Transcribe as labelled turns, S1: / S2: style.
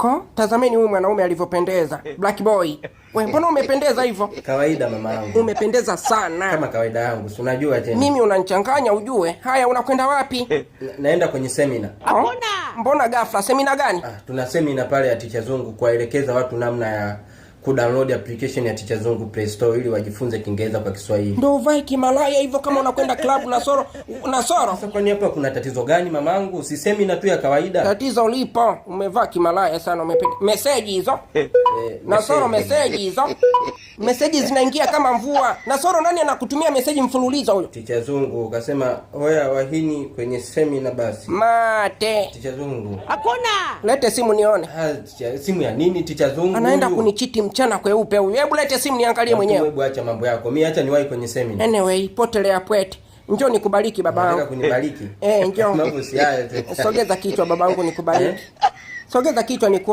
S1: Ko, tazameni huyu mwanaume alivyopendeza. Eh. Black boy. Wewe mbona umependeza hivyo?
S2: Kawaida mama yangu.
S1: Umependeza sana.
S2: Kama kawaida yangu, si unajua tena.
S1: Mimi unanichanganya ujue. Haya unakwenda wapi?
S2: Na, naenda kwenye semina.
S1: Mbona? Mbona ghafla? Semina gani? Ah,
S2: tuna semina pale ya Ticha Zungu kuwaelekeza watu namna ya kudownload application ya Teacher Zungu Play Store ili wajifunze Kiingereza kwa Kiswahili.
S1: Ndio uvae kimalaya hivyo kama unakwenda club na soro na soro.
S2: Sasa kwani hapa kuna tatizo gani mamangu? Usisemi na tu ya kawaida.
S1: Tatizo lipo. Umevaa kimalaya sana umepiga Message hizo. Eh, na soro message hizo. Message zinaingia kama mvua. Na soro nani anakutumia message mfululizo huyo?
S2: Teacher Zungu ukasema hoya wahini kwenye semina basi.
S1: Mate.
S2: Teacher Zungu.
S1: Hakuna. Lete simu nione.
S2: Ha, ah, ticha, simu ya nini Teacher Zungu?
S1: Anaenda kunichiti mchana kweupe huyu. Hebu lete simu niangalie mwenyewe.
S2: Hebu acha mambo yako. Mimi acha niwahi kwenye seminar.
S1: Anyway, potelea pwete. Njoo nikubariki babangu.
S2: Nataka kunibariki.
S1: Eh, eh njoo. Sogeza kichwa babangu nikubariki. Eh? Sogeza kichwa niku